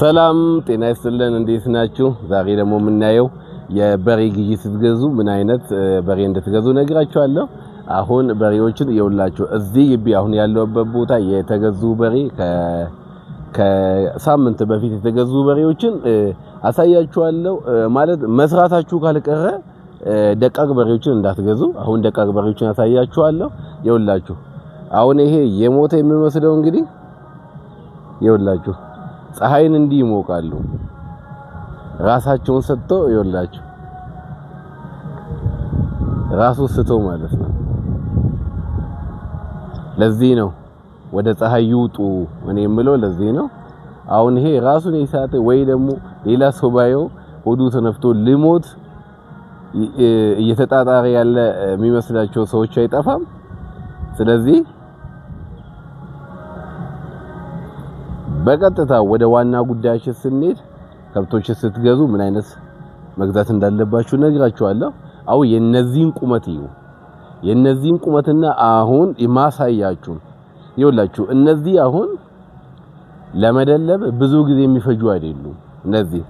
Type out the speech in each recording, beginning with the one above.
ሰላም ጤና ይስጥልን። እንዴት ናችሁ? ዛሬ ደግሞ የምናየው የበሬ ግዢ ስትገዙ ምን አይነት በሬ እንድትገዙ ነግራችኋለሁ። አሁን በሬዎችን የውላችሁ እዚህ ግቢ አሁን ያለውበት ቦታ የተገዙ በሬ ከሳምንት በፊት የተገዙ በሬዎችን አሳያችኋለሁ። ማለት መስራታችሁ ካልቀረ ደቃቅ በሬዎችን እንዳትገዙ። አሁን ደቃቅ በሬዎችን አሳያችኋለሁ። የውላችሁ አሁን ይሄ የሞተ የሚመስለው እንግዲህ የውላችሁ ፀሐይን እንዲህ ይሞቃሉ። ራሳቸውን ሰጥቶ ይወላችሁ ራሱ ስቶ ማለት ነው። ለዚህ ነው ወደ ፀሐይ ይውጡ እኔ የምለው ለዚህ ነው። አሁን ይሄ ራሱን የሳተ ወይ ደግሞ ሌላ ሰው ባየው ሆዱ ተነፍቶ ልሞት እየተጣጣረ ያለ የሚመስላቸው ሰዎች አይጠፋም። ስለዚህ በቀጥታ ወደ ዋና ጉዳያችን ስንሄድ ከብቶች ስትገዙ ምን አይነት መግዛት እንዳለባችሁ ነግራችኋለሁ። አው የነዚህን ቁመት እዩ። የነዚህን ቁመትና አሁን ማሳያችሁ ይውላችሁ። እነዚህ አሁን ለመደለብ ብዙ ጊዜ የሚፈጁ አይደሉም። እነዚህ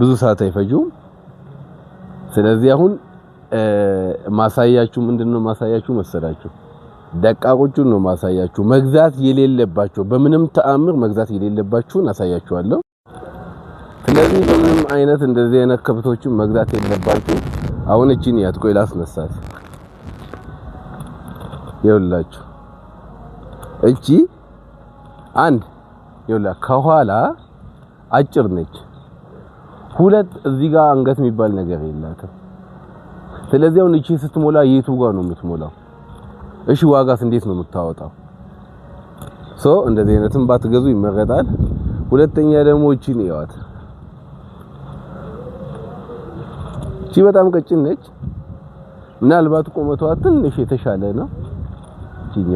ብዙ ሰዓት አይፈጁም። ስለዚህ አሁን ማሳያችሁ ምንድነው ማሳያችሁ መሰላችሁ ደቃቆቹን ነው ማሳያችሁ። መግዛት የሌለባቸው በምንም ተአምር መግዛት የሌለባችሁን አሳያችኋለሁ። ስለዚህ በምንም አይነት እንደዚህ አይነት ከብቶችን መግዛት የለባችሁ። አሁን እቺን ያት ቆይ ላስነሳት። ይኸውላችሁ እቺ አንድ ይኸውላ ከኋላ አጭር ነች። ሁለት እዚህ ጋር አንገት የሚባል ነገር የላትም። ስለዚህ አሁን እቺ ስትሞላ የቱ ጋር ነው የምትሞላው? እሺ ዋጋስ እንዴት ነው የምታወጣው? ሶ እንደዚህ አይነትም ባትገዙ ይመረጣል። ሁለተኛ ደግሞ ነው ይዋት። እቺ በጣም ቀጭን ነች። ምናልባት ቁመቷ ትንሽ የተሻለ ነው። እቺኛ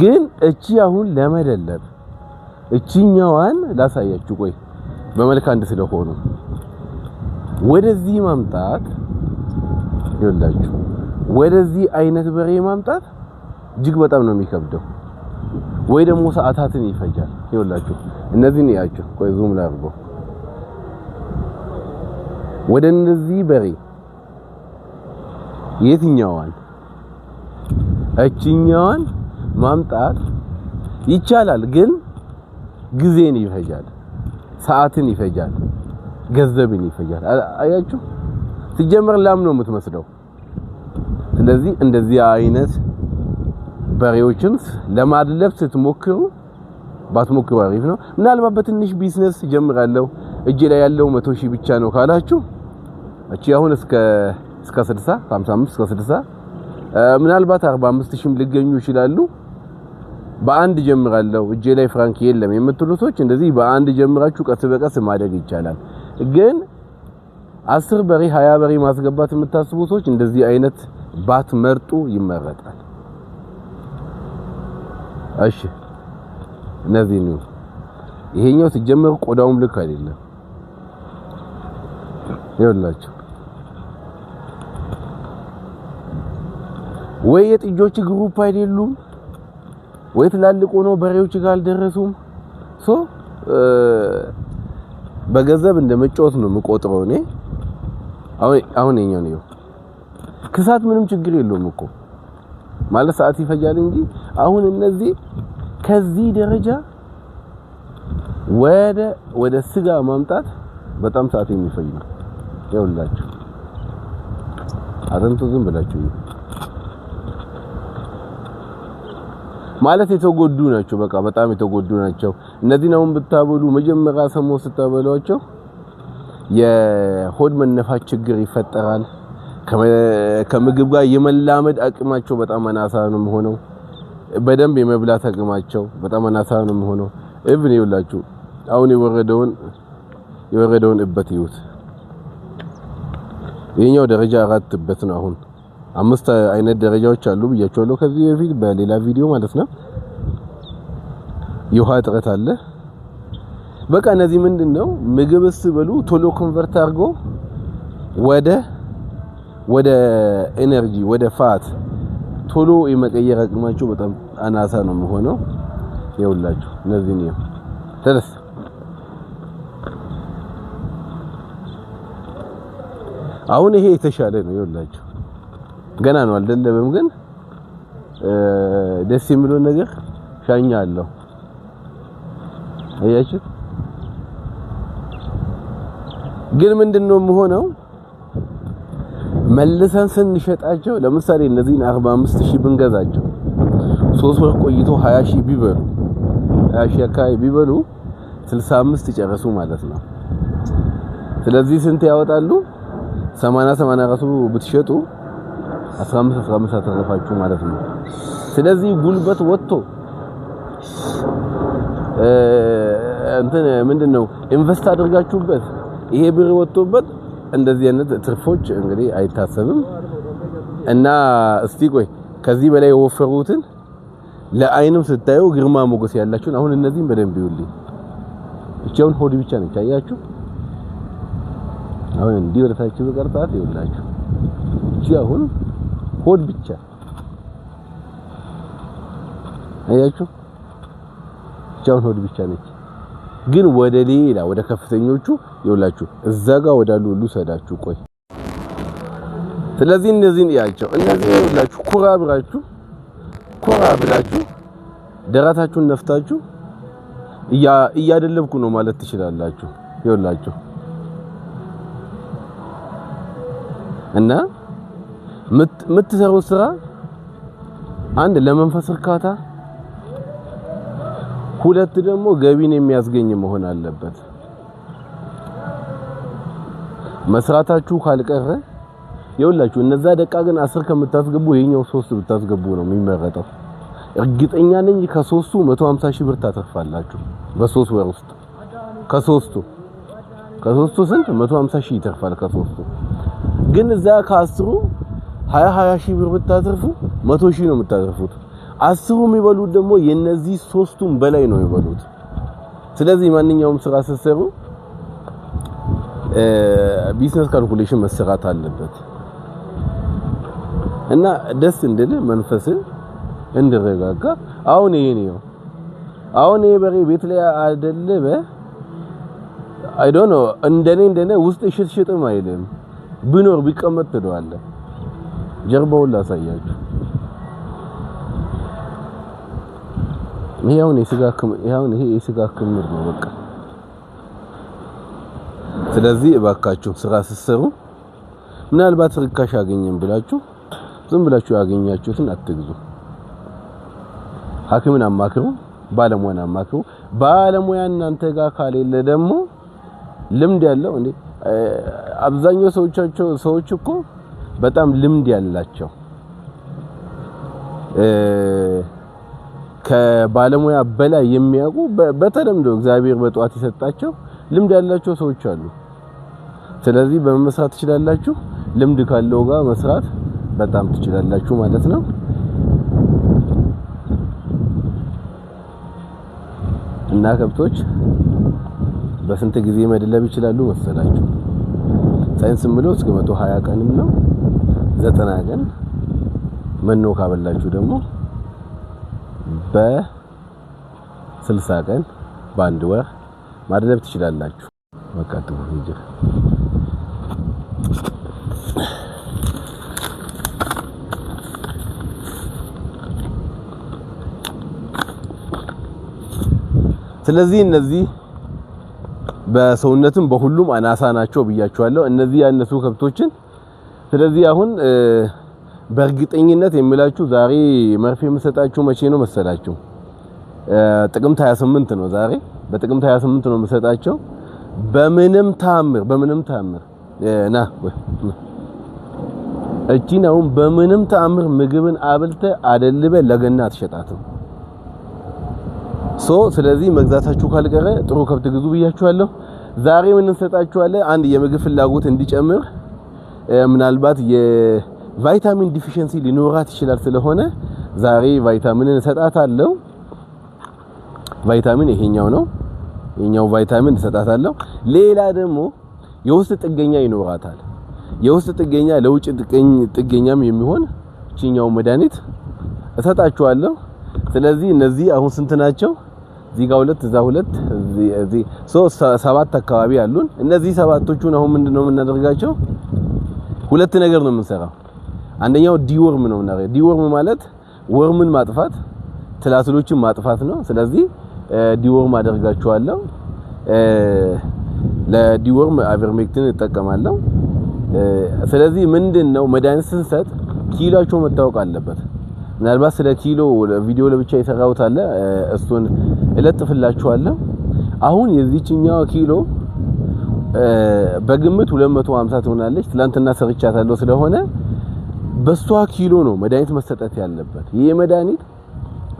ግን እቺ አሁን ለመደለብ እቺኛዋን ላሳያችሁ። ቆይ በመልክ አንድ ስለሆኑ ወደዚህ ማምጣት ይወላችሁ ወደዚህ አይነት በሬ ማምጣት እጅግ በጣም ነው የሚከብደው፣ ወይ ደግሞ ሰዓታትን ይፈጃል። ይኸውላችሁ እነዚህን እያችሁ፣ ቆይ ዙም ላይ አድርጎ ወደ እነዚህ በሬ የትኛዋን እችኛዋን ማምጣት ይቻላል፣ ግን ጊዜን ይፈጃል፣ ሰዓትን ይፈጃል፣ ገንዘብን ይፈጃል። አያችሁ ሲጀመር ላም ነው የምትመስለው ስለዚህ እንደዚህ አይነት በሬዎችን ለማድለብ ስትሞክሩ ባትሞክሩ አሪፍ ነው። ምናልባት በትንሽ ቢዝነስ ጀምራለሁ እጄ ላይ ያለው መቶ ሺህ ብቻ ነው ካላችሁ እቺ አሁን እስከ እስከ 60 55 እስከ 60 ምናልባት 45 ሺህም ሊገኙ ይችላሉ። በአንድ ጀምራለሁ እጄ ላይ ፍራንክ የለም የምትሉቶች እንደዚህ በአንድ ጀምራችሁ ቀስ በቀስ ማደግ ይቻላል። ግን አስር በሬ ሀያ በሬ ማስገባት የምታስቡ ሰዎች እንደዚህ አይነት ባትመርጡ ይመረጣል። እሺ እነዚህ ነው። ይሄኛው ሲጀመር ቆዳውም ልክ አይደለም። ይኸውላችሁ ወይ የጥጆች ግሩፕ አይደሉም ወይ ትላልቅ ሆኖ በሬዎች ጋር አልደረሱም። ሶ በገንዘብ እንደ መጫወት ነው የምቆጥረው እኔ አሁን አሁን የኛው ነው ክሳት ምንም ችግር የለውም እኮ ማለት ሰዓት ይፈጃል እንጂ አሁን እነዚህ ከዚህ ደረጃ ወደ ወደ ስጋ ማምጣት በጣም ሰዓት የሚፈጅ ነው። ይኸውላችሁ አጥንቱ ዝም ብላችሁ ማለት የተጎዱ ናቸው። በቃ በጣም የተጎዱ ናቸው። እነዚህን አሁን ብታበሉ መጀመሪያ ሰሞን ስታበሏቸው የሆድ መነፋት ችግር ይፈጠራል። ከምግብ ጋር የመላመድ አቅማቸው በጣም አናሳ ነው የሚሆነው። በደንብ የመብላት አቅማቸው በጣም አናሳ ነው የሚሆነው። እብን ይውላችሁ አሁን የወረደውን የወረደውን እበት ይዩት። ይህኛው ደረጃ አራት እበት ነው። አሁን አምስት አይነት ደረጃዎች አሉ ብያቸዋለሁ ከዚህ በፊት በሌላ ቪዲዮ ማለት ነው። የውሃ እጥረት አለ። በቃ እነዚህ ምንድን ነው ምግብ ስትበሉ ቶሎ ኮንቨርት አድርጎ ወደ ወደ ኤነርጂ ወደ ፋት ቶሎ የመቀየር አቅማቸው በጣም አናሳ ነው የሚሆነው። ይኸውላችሁ እነዚህን ነው ተደስ አሁን ይሄ የተሻለ ነው። ይኸውላችሁ ገና ነው አልደለበም፣ ግን ደስ የሚለው ነገር ሻኛ አለው። አያችሁ ግን ምንድነው የሚሆነው? መልሰን ስንሸጣቸው ለምሳሌ እነዚህን 45 ሺህ ብንገዛቸው ሶስት ወር ቆይቶ 20 ሺህ ቢበሉ 20 ሺህ አካባቢ ቢበሉ 65 ጨረሱ ማለት ነው። ስለዚህ ስንት ያወጣሉ? 80 80 ራሱ ብትሸጡ 15 15 አተረፋችሁ ማለት ነው። ስለዚህ ጉልበት ወጥቶ እንትን ምንድነው ኢንቨስት አድርጋችሁበት ይሄ ብር ወጥቶበት እንደዚህ አይነት ትርፎች እንግዲህ አይታሰብም እና እስቲ ቆይ ከዚህ በላይ የወፈሩትን ለአይንም ስታዩ ግርማ ሞገስ ያላችሁን አሁን እነዚህም በደንብ ይውልኝ። ብቻውን ሆድ ብቻ ነው ታያችሁ። አሁን እንዲህ ወደታችሁ በቀርጣት ይውላችሁ። እቺ አሁን ሆድ ብቻ አያችሁ? ብቻውን ሆድ ብቻ ነች። ግን ወደ ሌላ ወደ ከፍተኞቹ ይውላችሁ እዛ ጋር ወዳሉ ሁሉ ሰዳችሁ ቆይ። ስለዚህ እነዚህን እያቸው እነዚህ ይውላችሁ ኩራ ብራችሁ ኩራ ብላችሁ ደረታችሁን ነፍታችሁ እያደለብኩ ነው ማለት ትችላላችሁ። ይውላችሁ እና የምትሰሩት ስራ አንድ ለመንፈስ እርካታ ሁለት ደግሞ ገቢን የሚያስገኝ መሆን አለበት። መስራታችሁ ካልቀረ የውላችሁ እነዛ ደቃ ግን አስር ከምታስገቡ ይሄኛው ሶስት ብታስገቡ ነው የሚመረጠው። እርግጠኛ ነኝ ከሶስቱ 150 ሺህ ብር ታተርፋላችሁ በሶስት ወር ውስጥ ከሶስቱ ከሶስቱ ስንት 150 ሺህ ይተርፋል። ከሶስቱ ግን እዛ ከአስሩ 20 20 ሺህ ብር ብታተርፉ 100 ሺህ ነው የምታተርፉት። አስቡ የሚበሉት ደግሞ የነዚህ ሶስቱም በላይ ነው የሚበሉት። ስለዚህ ማንኛውም ስራ ስትሰሩ ቢዝነስ ካልኩሌሽን መሰራት አለበት እና ደስ እንድል መንፈስ እንድረጋጋ። አሁን ይሄ ነው አሁን ይሄ በሬ ቤት ላይ በ አይ ዶንት ኖ እንደኔ እንደኔ ውስጥ ሽጥሽጥም አይልም። ቢኖር ቢቀመጥ ትለዋለህ። ጀርባውን ላሳያችሁ ይሄውን የስጋ የስጋ ይሄውን ይሄ የስጋ ክምር ነው በቃ። ስለዚህ እባካችሁ ስራ ስትሰሩ ምናልባት ርካሽ አገኘን ብላችሁ ዝም ብላችሁ ያገኛችሁትን አትግዙ። ሐኪምን አማክሩ፣ ባለሙያን አማክሩ። ባለሙያ እናንተ ጋር ካሌለ ደግሞ ልምድ ያለው እንዴ አብዛኛው ሰዎቻቸው ሰዎች እኮ በጣም ልምድ ያላቸው ከባለሙያ በላይ የሚያውቁ በተለምዶ እግዚአብሔር በጠዋት የሰጣቸው ልምድ ያላቸው ሰዎች አሉ። ስለዚህ በመስራት ትችላላችሁ። ልምድ ካለው ጋር መስራት በጣም ትችላላችሁ ማለት ነው። እና ከብቶች በስንት ጊዜ መድለብ ይችላሉ መሰላችሁ? ሳይንስ ምለው እስከ 120 ቀንም ነው። ዘጠና ቀን መኖ ካበላችሁ ደግሞ በስልሳ ቀን በአንድ ወር ማድለብ ትችላላችሁ። በቃ ስለዚህ እነዚህ በሰውነትም በሁሉም አናሳ ናቸው ብያቸዋለሁ። እነዚህ ያነሱ ከብቶችን ስለዚህ አሁን በእርግጠኝነት የሚላችሁ ዛሬ መርፌ የምሰጣችሁ መቼ ነው መሰላችሁ? ጥቅምት 28 ነው ዛሬ። በጥቅምት 28 ነው የምሰጣቸው። በምንም ታምር በምንም ታምር ና እቺን በምንም ታምር ምግብን አብልተ አደልበ ለገና አትሸጣትም። ሶ ስለዚህ መግዛታችሁ ካልቀረ ጥሩ ከብት ግዙ ብያችኋለሁ። ዛሬ ምን እንሰጣችኋለን? አንድ የምግብ ፍላጎት እንዲጨምር ምናልባት ቫይታሚን ዲፊሸንሲ ሊኖራት ይችላል። ስለሆነ ዛሬ ቫይታሚንን እሰጣታለሁ። ቫይታሚን ይሄኛው ነው፣ ይሄኛው ቫይታሚን እሰጣታለሁ። ሌላ ደግሞ የውስጥ ጥገኛ ይኖራታል። የውስጥ ጥገኛ ለውጭ ጥገኛም የሚሆን እቺኛው መድኃኒት እሰጣችኋለሁ። ስለዚህ እነዚህ አሁን ስንት ናቸው? እዚህ ጋር ሁለት፣ እዛ ሁለት፣ እዚህ ሰባት አካባቢ አሉን። እነዚህ ሰባቶቹን አሁን ምንድነው የምናደርጋቸው? ሁለት ነገር ነው የምንሰራው አንደኛው ዲወርም ነው እና ዲወርም ማለት ወርምን ማጥፋት ትላትሎችን ማጥፋት ነው። ስለዚህ ዲወርም አደርጋቸዋለሁ። ለዲወርም አቨርሜክቲን እጠቀማለሁ። ስለዚህ ምንድን ነው መድኃኒት ስንሰጥ ኪሏቸው መታወቅ አለበት። ምናልባት ስለ ኪሎ ቪዲዮ ለብቻ የሰራሁት አለ፣ እሱን እለጥፍላችኋለሁ። አሁን የዚችኛው ኪሎ በግምት 250 ትሆናለች። ትላንትና ሰርቻታለሁ ስለሆነ በሷ ኪሎ ነው መድኃኒት መሰጠት ያለበት። ይሄ መድኃኒት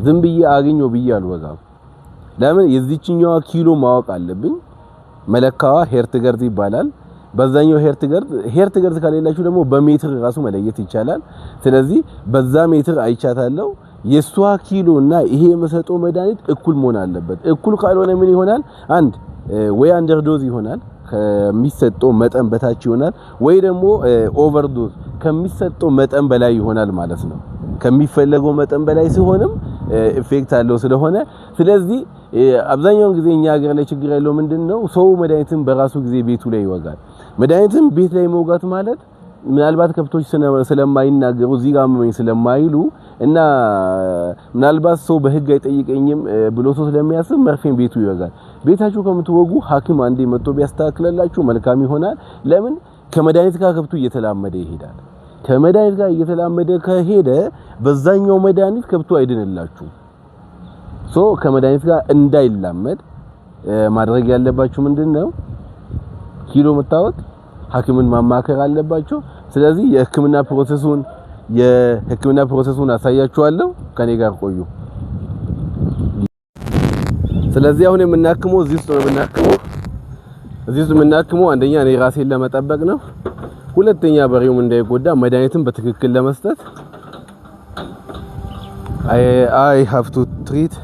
ዝም ብዬ አግኘው ብዬ አልወጋም። ለምን የዚችኛዋ ኪሎ ማወቅ አለብኝ። መለካዋ ሄርትገርዝ ይባላል። በዛኛው ሄርትገርዝ ሄርትገርዝ ከሌላችሁ ደግሞ በሜትር ራሱ መለየት ይቻላል። ስለዚህ በዛ ሜትር አይቻታለሁ። የሷ ኪሎ እና ይሄ የምሰጠው መድኃኒት እኩል መሆን አለበት። እኩል ካልሆነ ምን ይሆናል? አንድ ወይ አንደር ዶዝ ይሆናል ከሚሰጠው መጠን በታች ይሆናል ወይ ደግሞ ኦቨርዶዝ ከሚሰጠው መጠን በላይ ይሆናል ማለት ነው። ከሚፈለገው መጠን በላይ ሲሆንም ኢፌክት አለው ስለሆነ ስለዚህ አብዛኛውን ጊዜ እኛ ሀገር ላይ ችግር ያለው ምንድነው ሰው መድኃኒትን በራሱ ጊዜ ቤቱ ላይ ይወጋል። መድኃኒትን ቤት ላይ መውጋት ማለት ምናልባት ከብቶች ስለማይናገሩ እዚህ ጋር ስለማይሉ እና ምናልባት ሰው በህግ አይጠይቀኝም ብሎ ሰው ስለሚያስብ መርፌን ቤቱ ይወጋል። ቤታችሁ ከምትወጉ ሐኪም አንዴ መጥቶ ቢያስተካክለላችሁ መልካም ይሆናል። ለምን ከመድኃኒት ጋር ከብቱ እየተላመደ ይሄዳል። ከመድኃኒት ጋር እየተላመደ ከሄደ በዛኛው መድኃኒት ከብቱ አይድንላችሁ። ሶ ከመድኃኒት ጋር እንዳይላመድ ማድረግ ያለባችሁ ምንድነው? ኪሎ መታወቅ ሐኪምን ማማከር አለባችሁ። ስለዚህ የህክምና ፕሮሰሱን የህክምና ፕሮሰሱን አሳያችኋለሁ። ከኔ ጋር ቆዩ። ስለዚህ አሁን የምናክመው እዚህ ውስጥ ነው የምናክመው። እዚህ ውስጥ የምናክመው አንደኛ እኔ ራሴን ለመጠበቅ ነው፣ ሁለተኛ በሬውም እንዳይጎዳ መድኃኒትን በትክክል ለመስጠት አይ ሃቭ ቱ ትሪት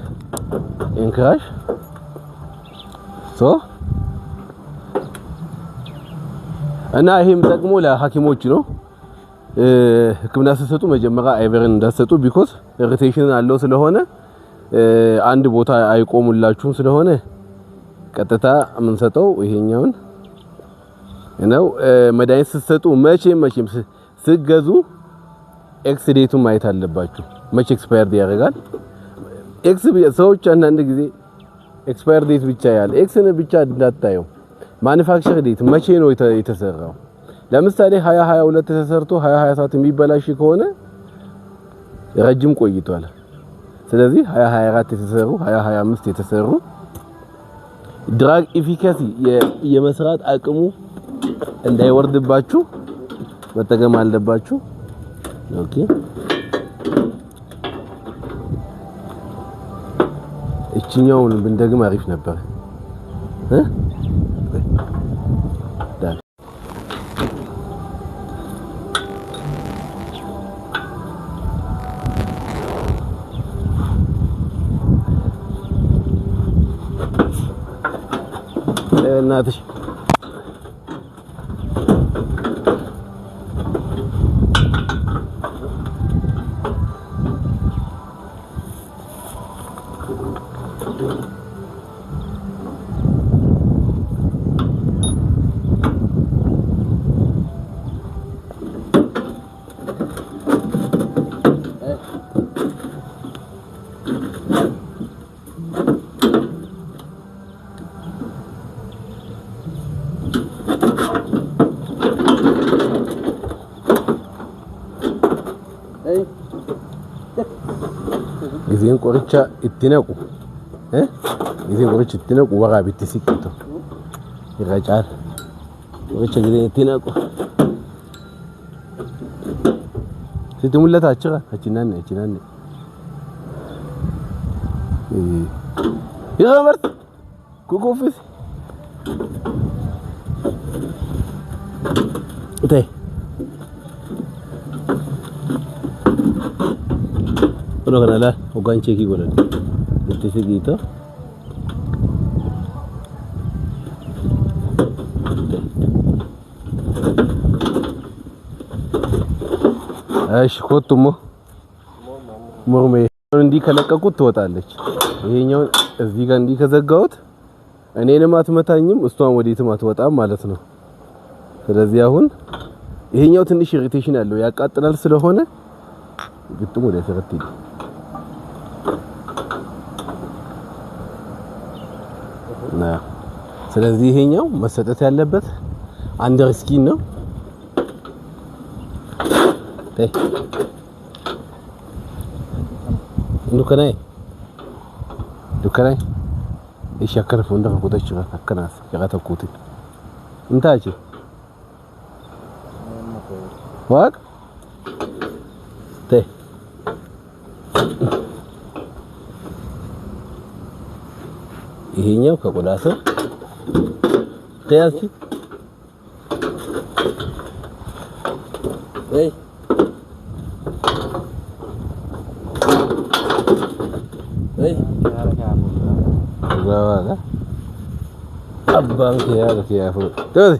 ኢንክራሽ ሶ እና ይሄም ደግሞ ለሐኪሞች ነው ህክምና ስትሰጡ መጀመሪያ አይቨርን እንዳትሰጡ ቢኮዝ ሪቴሽን አለው ስለሆነ አንድ ቦታ አይቆሙላችሁም። ስለሆነ ቀጥታ የምንሰጠው ይሄኛውን ነው። መድኃኒት ስትሰጡ መቼም መቼም ስገዙ ኤክስ ዴቱን ማየት አለባችሁ። መቼ ኤክስፓየርድ ያደርጋል። ኤክስ ሰዎች አንዳንድ ጊዜ ኤክስፓየር ዴት ብቻ ያለ ኤክስን ብቻ እንዳታየው ማኑፋክቸር ዴት መቼ ነው የተሰራው ለምሳሌ 2022 ተሰርቶ 2027 የሚበላሽ ከሆነ ረጅም ቆይቷል። ስለዚህ 2024 የተሰሩ 2025 የተሰሩ ድራግ ኢፊካሲ የመስራት አቅሙ እንዳይወርድባችሁ መጠቀም አለባችሁ። ኦኬ እቺኛውን ብንደግም አሪፍ ነበር። ለእናትሽ qoricha itti naqu eh? gisee qoricha itti naqu waaqaa bitti siqqitu irra caala qoricha gisee itti naqu sitti mul'ata achirra achi naanne achi naanne irra marte kukuffise ta'e. Până canala, o ganche ki golan. se gita. እሺ ኮቱሞ ሙርሜ እንዲህ ከለቀቁት ትወጣለች። ይሄኛውን እዚህ ጋር እንዲህ ከዘጋሁት እኔንም አትመታኝም እሷን ወዴትም አትወጣም ማለት ነው። ስለዚህ አሁን ይሄኛው ትንሽ ኢሪቴሽን ያለው ያቃጥላል ስለሆነ ግጥም ወደ ተረትይ ስለዚህ ይሄኛው መሰጠት ያለበት አንደር ስኪን ነው። ዱከናይ ዱከናይ ይሻከረፍ ወንደ ከቁጠች ከከናስ ያቀተኩት እንታች ዋቅ ተ ይሄኛው ከቆዳ ሰው Teste. Vem. Vem. Agora. A banqueira que é. Tudo.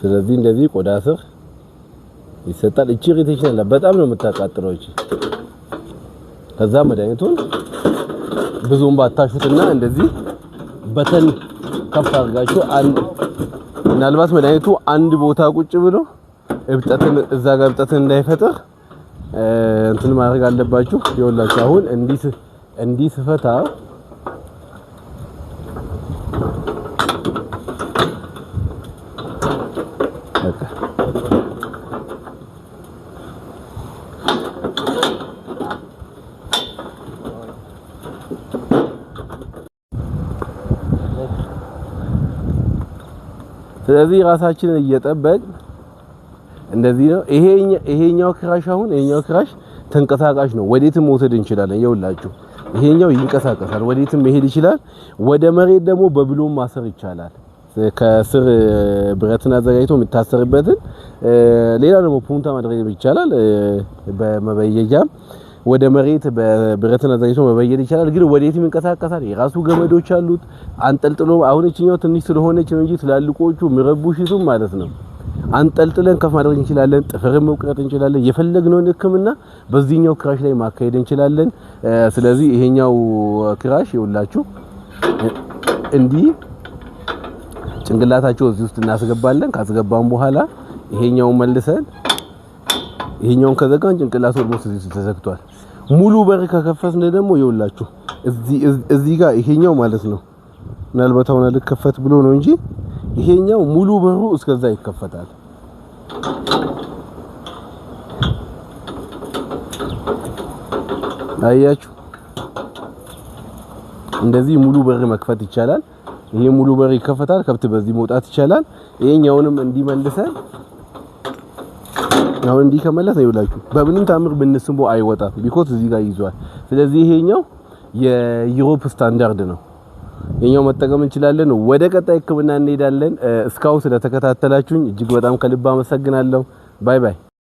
ስለዚህ እንደዚህ ቆዳ ስር ይሰጣል። እቺ ነው በጣም ነው የምታቃጥለው። እቺ ከዛ መድኃኒቱን ብዙም ባታሹትና እንደዚህ በተን ከፍ አድርጋችሁ አንድ ምናልባት መድኃኒቱ አንድ ቦታ ቁጭ ብሎ እብጠትን እዛ ጋር እብጠትን እንዳይፈጥር እንትን ማድረግ አለባችሁ። ይኸውላችሁ አሁን እንዲህ እንዲህ ስፈታ ስለዚህ ራሳችንን እየጠበቅ እንደዚህ ነው። ይሄኛው ክራሽ አሁን ይሄኛው ክራሽ ተንቀሳቃሽ ነው። ወዴትም መውሰድ እንችላለን። ይኸውላችሁ ይሄኛው ይንቀሳቀሳል፣ ወዴትም መሄድ ይችላል። ወደ መሬት ደግሞ በብሎም ማሰር ይቻላል። ከስር ብረትን አዘጋጅቶ የምታሰርበትን ሌላ ደግሞ ፑንታ ማድረግ ይቻላል። በመበየጃም ወደ መሬት በብረትን አዛኝቶ መበየድ ይቻላል። ግን ወዴት ይንቀሳቀሳል። የራሱ ገመዶች አሉት አንጠልጥሎ። አሁን እችኛው ትንሽ ስለሆነች ነው እንጂ ትላልቆቹ ምረቡሽቱም ማለት ነው አንጠልጥለን ከፍ ማድረግ እንችላለን። ጥፍር መቁረጥ እንችላለን። የፈለግነውን ሕክምና በዚህኛው ክራሽ ላይ ማካሄድ እንችላለን። ስለዚህ ይሄኛው ክራሽ ይውላችሁ እንዲህ ጭንቅላታቸው እዚህ ውስጥ እናስገባለን። ካስገባን በኋላ ይሄኛውን መልሰን ይሄኛውን ከዘጋን ጭንቅላት ኦልሞስት እዚህ ተዘግቷል። ሙሉ በር ከከፈትን ደግሞ ይውላችሁ እዚህ ጋር ይሄኛው ማለት ነው። ምናልባት አሁን አልከፈት ብሎ ነው እንጂ ይሄኛው ሙሉ በሩ እስከዛ ይከፈታል። አያችሁ፣ እንደዚህ ሙሉ በር መክፈት ይቻላል። ይሄ ሙሉ በር ይከፈታል። ከብት በዚህ መውጣት ይቻላል። ይሄኛውንም እንዲመልሰን አሁን እንዲህ ከመለስ ነው ይብላችሁ። በምንም ታምር ብንስቦ አይወጣም፣ ቢኮዝ እዚህ ጋር ይዟል። ስለዚህ ይሄኛው የዩሮፕ ስታንዳርድ ነው። ይሄኛው መጠቀም እንችላለን። ወደ ቀጣይ ሕክምና እንሄዳለን። እስካሁን ስለተከታተላችሁኝ እጅግ በጣም ከልብ አመሰግናለሁ። ባይ ባይ።